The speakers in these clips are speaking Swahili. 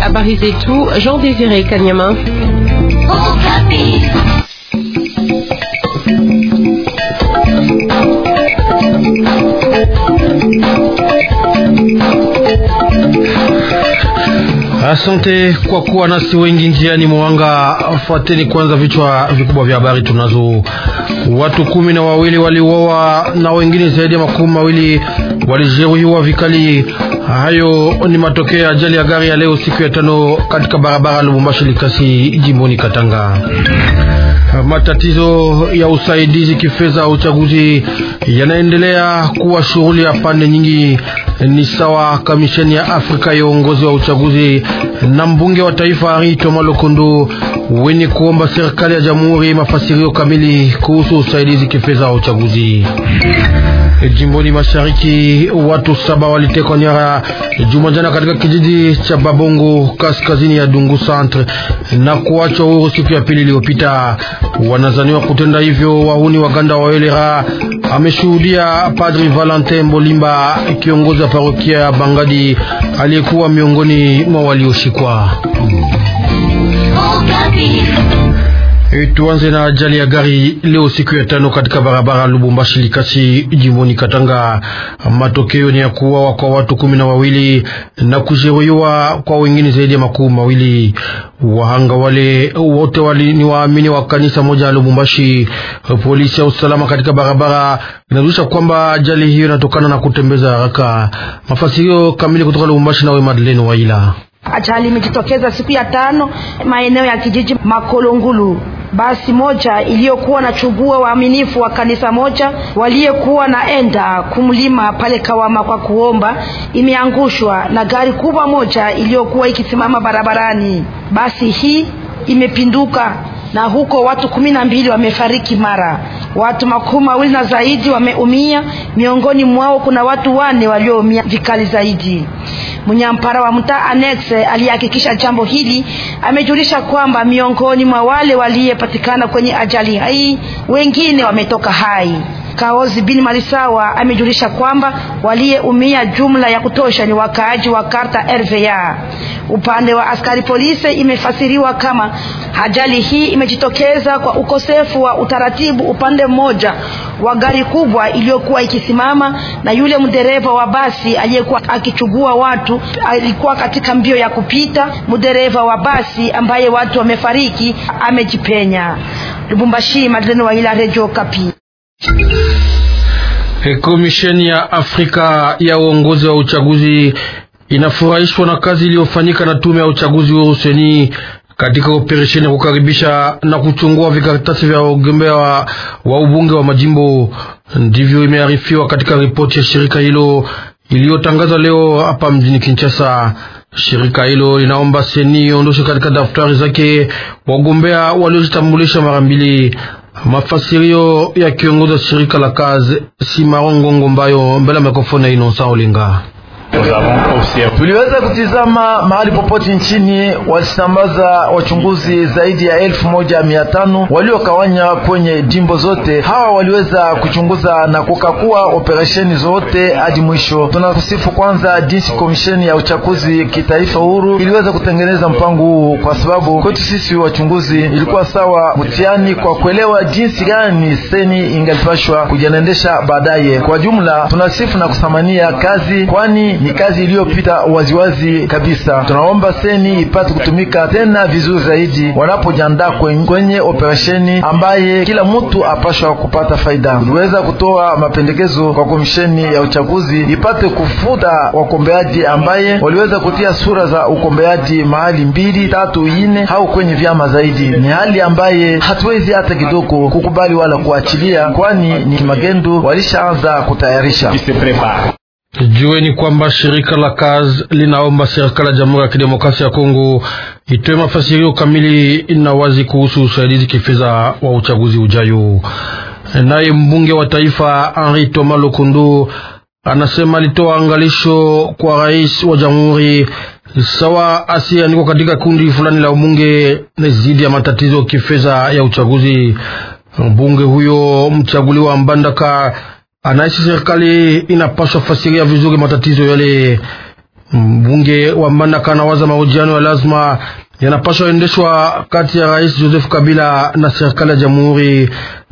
Habari zetu Jean Désiré Kanyama. Asante kwa kuwa nasi wengi njiani mwanga. Fuateni kwanza vichwa vikubwa vya habari tunazo. Watu kumi na wawili waliuawa na wengine zaidi ya makumi mawili walijeruhiwa vikali Hayo ni matokeo ya ajali ya gari ya leo siku ya tano katika barabara Lubumbashi Likasi jimboni Katanga. Matatizo ya usaidizi kifedha uchaguzi yanaendelea kuwa shughuli ya pande nyingi ni sawa kamisheni ya Afrika ya uongozi wa uchaguzi na mbunge wa taifa Aricho Malokondo wenye kuomba serikali ya jamhuri mafasirio kamili kuhusu usaidizi kifedha wa uchaguzi. Jimboni mashariki watu saba walitekwa nyara Jumajana katika kijiji cha Babongo kaskazini ya Dungu Centre na kuachwa huru siku ya pili iliyopita. Wanazaniwa kutenda hivyo wahuni waganda wa Elera ameshuhudia Padri Valentin Bolimba, kiongozi wa parokia ya Bangadi aliyekuwa miongoni mwa walioshikwa. Oh, Eh, tuanze na ajali ya gari leo siku ya tano katika barabara Lubumbashi Likasi jimboni Katanga. Matokeo ni ya kuuawa kwa watu kumi na wawili na kujeruhiwa kwa wengine zaidi ya makumi mawili. Wahanga wale wote wali ni waamini wa kanisa moja la Lubumbashi. Polisi ya usalama katika barabara inajulisha kwamba ajali hiyo inatokana na kutembeza haraka. Mafasirio kamili kutoka Lubumbashi nawe Madeleine Waila. Ajali imejitokeza siku ya tano maeneo ya kijiji Makolongulu basi moja iliyokuwa na chugua waaminifu wa kanisa moja waliyekuwa naenda kumlima pale Kawama kwa kuomba imeangushwa na gari kubwa moja iliyokuwa ikisimama barabarani. Basi hii imepinduka na huko watu kumi na mbili wamefariki mara watu makumi mawili na zaidi wameumia. Miongoni mwao kuna watu wane walioumia vikali zaidi. Mnyampara wa mtaa Annex aliyehakikisha jambo hili amejulisha kwamba miongoni mwa wale waliyepatikana kwenye ajali hii wengine wametoka hai. Kaozi bin malisawa amejulisha kwamba waliyeumia jumla ya kutosha ni wakaaji wa karta RVA. Upande wa askari polisi imefasiriwa kama ajali hii imejitokeza kwa ukosefu wa utaratibu upande mmoja wa gari kubwa iliyokuwa ikisimama, na yule mdereva wa basi aliyekuwa akichugua watu alikuwa katika mbio ya kupita. Mdereva wa basi ambaye watu wamefariki amejipenya. Lubumbashi, Madleno wa ila Radio Kapi. E, Komisheni ya Afrika ya uongozi wa uchaguzi inafurahishwa na kazi iliyofanyika na tume ya uchaguzi huru seni katika operesheni ya kukaribisha na kuchungua vikaratasi vya wagombea wa, wa ubunge wa majimbo. Ndivyo imearifiwa katika ripoti ya shirika hilo iliyotangaza leo hapa mjini Kinshasa. Shirika hilo linaomba seni iondoshe katika daftari zake wagombea waliojitambulisha mara mbili. Mafasirio ya kiongozi wa shirika la kazi Simaro Ngongo Mbayo mbele ya mikrofoni ya Innocent Olinga. Tuliweza kutizama mahali popote nchini, walisambaza wachunguzi zaidi ya elfu moja mia tano waliokawanya kwenye jimbo zote. Hawa waliweza kuchunguza na kukakua operesheni zote hadi mwisho. Tunakusifu kwanza jinsi komisheni ya uchaguzi kitaifa huru iliweza kutengeneza mpango huu, kwa sababu kwetu sisi wachunguzi ilikuwa sawa mtihani kwa kuelewa jinsi gani seni ingalipashwa kujanendesha baadaye. Kwa jumla tunasifu na kusamania kazi kwani ni kazi iliyopita waziwazi kabisa. Tunaomba seni ipate kutumika tena vizuri zaidi wanapojiandaa kwenye operesheni ambaye kila mtu apashwa kupata faida. Tuliweza kutoa mapendekezo kwa komisheni ya uchaguzi ipate kufuta wakombeaji ambaye waliweza kutia sura za ukombeaji mahali mbili tatu ine au kwenye vyama zaidi. Ni hali ambaye hatuwezi hata kidogo kukubali wala kuachilia, kwani ni magendo walishaanza kutayarisha. Jueni kwamba shirika la kazi linaomba serikali ya Jamhuri ya Kidemokrasia ya Kongo itoe mafasirio kamili na wazi kuhusu usaidizi kifedha wa uchaguzi ujayo. Naye mbunge wa taifa Henri Thomas Lokundu anasema alitoa angalisho kwa rais wa jamhuri sawa asiyeandikwa katika kundi fulani la ubunge zidi ya matatizo kifedha ya uchaguzi. Mbunge huyo mchaguliwa Mbandaka anaishi serikali inapaswa fasiria vizuri matatizo yale. Mbunge wa Mbandaka anawaza mahojiano ya lazima yanapaswa endeshwa kati ya Rais Joseph Kabila na serikali ya jamhuri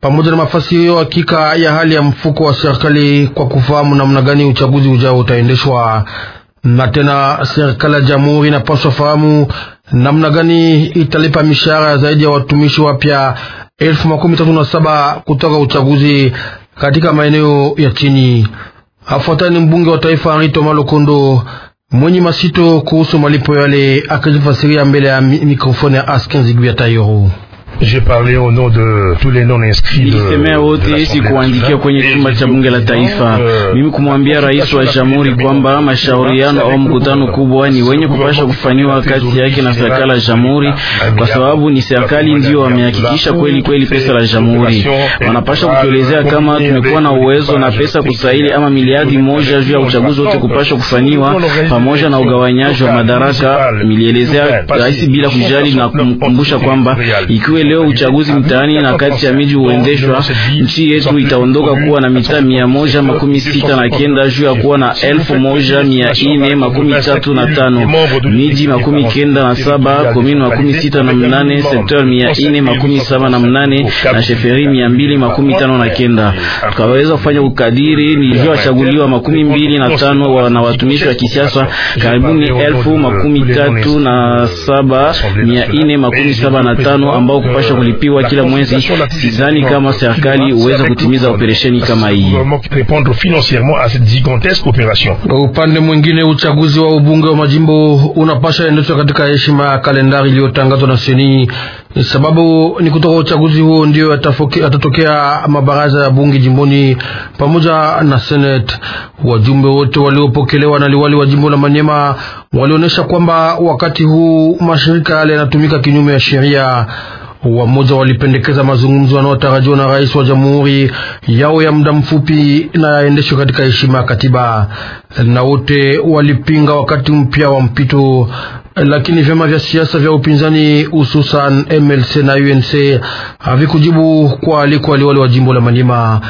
pamoja na mafasirio hakika ya hali ya mfuko wa serikali kwa kufahamu namna gani uchaguzi ujao utaendeshwa. Na tena serikali ya jamhuri inapaswa fahamu namna gani italipa mishahara zaidi ya watumishi wapya elfu makumi tatu na saba kutoka uchaguzi katika maeneo ya chini. Afuatani mbunge wa taifa Henri Thomas Lokondo mwenye masito kuhusu malipo yale akizifasiria mbele ya mikrofoni ya Askenzi Guyatayoru. Nilisemea wote esi kuandikia kwenye chumba cha bunge la taifa, euh, mimi kumwambia rais wa jamhuri kwamba mashauriano au mkutano kubwa ni wenye kupasha kufanywa kati yake na serikali ya jamhuri, kwa sababu ni serikali ndiyo wamehakikisha kweli kweli pesa la jamhuri. Wanapasha kutuelezea kama tumekuwa na uwezo na pesa kusaili ama miliardi moja juu ya uchaguzi wote kupasha kufanywa pamoja na ugawanyaji wa madaraka. Nilielezea rais bila kujali na kumkumbusha kwamba ikiwa leo uchaguzi mtaani na kati ya miji huendeshwa, nchi yetu itaondoka kuwa na mitaa mia moja makumi sita na kenda juu ya kuwa na elfu moja mia ine makumi tatu na tano miji makumi kenda na saba komini makumi sita na mnane sekta mia ine makumi saba na mnane na sheferi mia mbili makumi tano na kenda tukaweza kufanya ukadiri nilivyowachaguliwa makumi mbili na tano na watumishi wa kisiasa karibuni elfu makumi tatu na saba mia ine makumi saba na tano ambao kupa wanapasha euh, kulipiwa kila mwezi. Sidhani kama serikali huweza kutimiza operesheni kama hii. Upande mwingine, uchaguzi wa ubunge wa majimbo unapasha endeshwa katika heshima ya kalendari iliyotangazwa na seni, sababu ni kutoka uchaguzi huo ndio atatokea mabaraza ya bunge jimboni pamoja na seneti. Wajumbe wote waliopokelewa na liwali wa jimbo la Manyema walionyesha kwamba wakati huu mashirika yale yanatumika kinyume ya sheria. Wamoja walipendekeza mazungumzo yanayotarajiwa na rais wa jamhuri yao ya muda mfupi na yaendeshwe katika heshima ya katiba, na wote walipinga wakati mpya wa mpito lakini vyama vya siasa vya upinzani hususan MLC na UNC havikujibu kwa aliko aliwali wa jimbo la Manyema.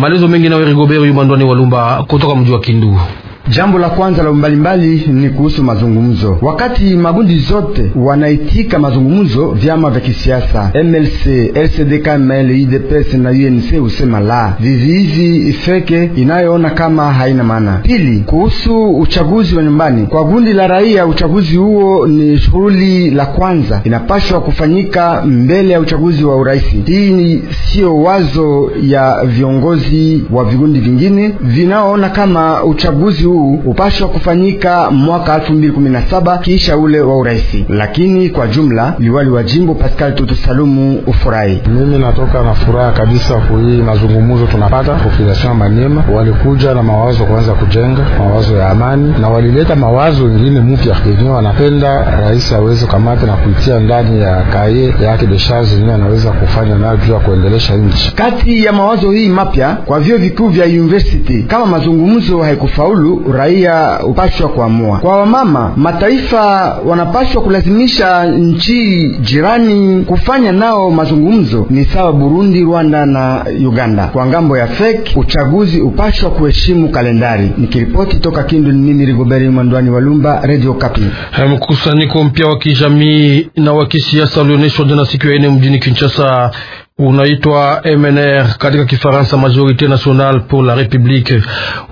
Maelezo mengi nawe Rigobert Yumandwani Walumba kutoka mji wa Kindu. Jambo la kwanza la mbalimbali ni kuhusu mazungumzo. Wakati magundi zote wanaitika mazungumzo, vyama vya kisiasa MLC, LCDK, KML, UDPS na UNC husema la vivi hivi ifeke inayoona kama haina maana. Pili, kuhusu uchaguzi wa nyumbani kwa gundi la raia, uchaguzi huo ni shughuli la kwanza inapashwa kufanyika mbele ya uchaguzi wa urais. Hii ni siyo wazo ya viongozi wa vigundi vingine vinaoona kama uchaguzi juu upashwa kufanyika mwaka 2017 kisha ule wa uraisi. Lakini kwa jumla liwali wa jimbo Pascal Tutu Salumu ufurahi. Mimi natoka na furaha kabisa hii mazungumuzo tunapata population Maniema, walikuja na mawazo kuanza kujenga mawazo ya amani, na walileta mawazo ingine mpya yenyewe wanapenda rais aweze kamata na kuitia ndani ya kaye yake deshage zenyewe anaweza kufanya nayo juu ya kuendelesha nchi. Kati ya mawazo hii mapya kwa vyuo vikuu vya university, kama mazungumzo haikufaulu raia upashwa kuamua. Kwa wamama, mataifa wanapashwa kulazimisha nchi jirani kufanya nao mazungumzo, ni sawa Burundi, Rwanda na Uganda. Kwa ngambo ya feki, uchaguzi upashwa kuheshimu kalendari. Nikiripoti toka Kindu, ni mimi Rigoberi Mwandwani Lumba, Radio Kapi. Mkusanyiko mpya wa kijamii na wa kisiasa ulioneshwa jana siku ya ine mjini Kinshasa unaitwa MNR katika Kifaransa, Majorite Nationale pour la Republique.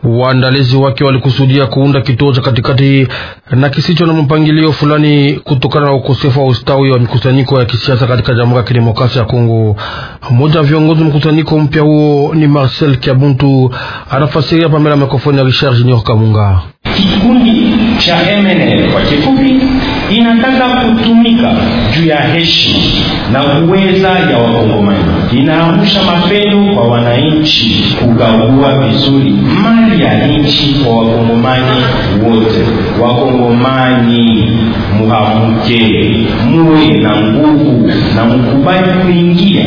Waandalizi wake walikusudia kuunda kituo cha katikati na kisicho na mpangilio fulani kutokana na ukosefu wa ustawi wa mikusanyiko ya kisiasa katika Jamhuri ya Kidemokrasia ya Kongo. Mmoja wa viongozi mkusanyiko mpya huo ni Marcel Kiabuntu, anafasiria Pamela mikrofoni ya Richard Junior Kamunga. Kikundi cha MNL kwa kifupi, inataka kutumika juu ya heshima na uweza ya Wakongomani, inaamsha mapendo kwa wananchi, kugagua vizuri mali ya nchi kwa Wakongomani wote. Wakongomani, muhamuke, muwe na nguvu na mkubali kuingia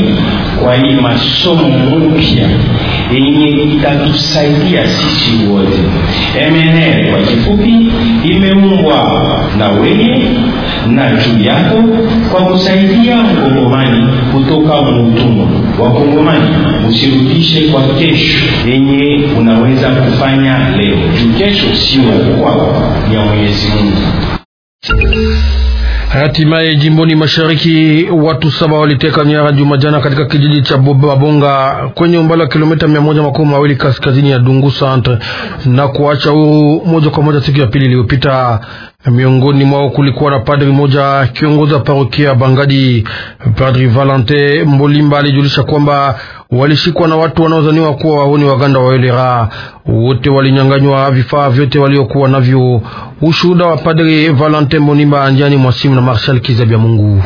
kwa hii masomo mpya yenye itatusaidia sisi wote. MNR kwa kifupi imeumbwa na wenye na juu yako kwa kusaidia mkongomani kutoka muutumwa. Wakongomani, usirudishe kwa kesho yenye unaweza kufanya leo juu kesho sio kwako, ya Mwenyezi Mungu. Hatimaye jimboni mashariki watu saba waliteka nyara Jumajana katika kijiji cha Babonga kwenye umbali wa kilomita mia moja makumi mawili kaskazini ya Dungu Centre na kuacha huru moja kwa moja siku ya pili iliyopita. Miongoni mwao kulikuwa na padri moja kiongozi wa parokia ya Bangadi, Padri Valente Mbolimba alijulisha kwamba walishikwa na watu wanaozaniwa kuwa waoni waganda wa elera. Wote walinyanganywa vifaa vyote waliokuwa navyo. Ushuhuda wa Padri Valente Mbolimba anjani mwasimu na Marshal Kizabya Mungu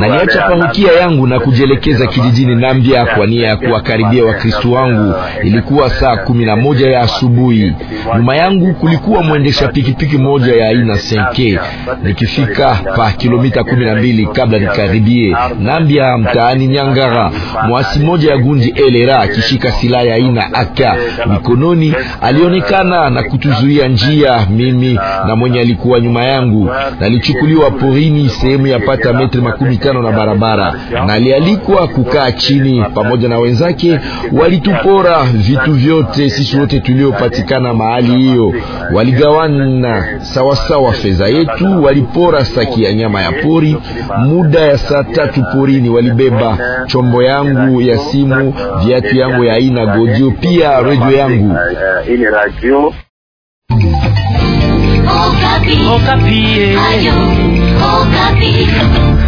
na niacha parokia yangu na kujielekeza kijijini Nambia kwa nia ya kuwakaribia Wakristo wangu. Ilikuwa saa kumi na moja ya asubuhi. Nyuma yangu kulikuwa mwendesha pikipiki moja ya aina senke. Nikifika pa kilomita kumi na mbili kabla nikaribie Nambia mtaani Nyangara, mwasi moja ya gundi elera akishika silaha ya aina aka mikononi alionekana na kutuzuia njia, mimi na mwenye alikuwa nyuma yangu, nalichukuliwa porini sehemu ya pata metri makumi tano na barabara, na alialikwa kukaa chini pamoja na wenzake. Walitupora vitu vyote sisi wote tuliopatikana mahali hiyo, waligawana sawasawa fedha yetu, walipora saki ya nyama ya pori. Muda ya saa tatu porini walibeba chombo yangu ya simu, viatu yangu ya aina godio, pia redio yangu. Okapi. Oh, Okapi. Oh, Oh, baby.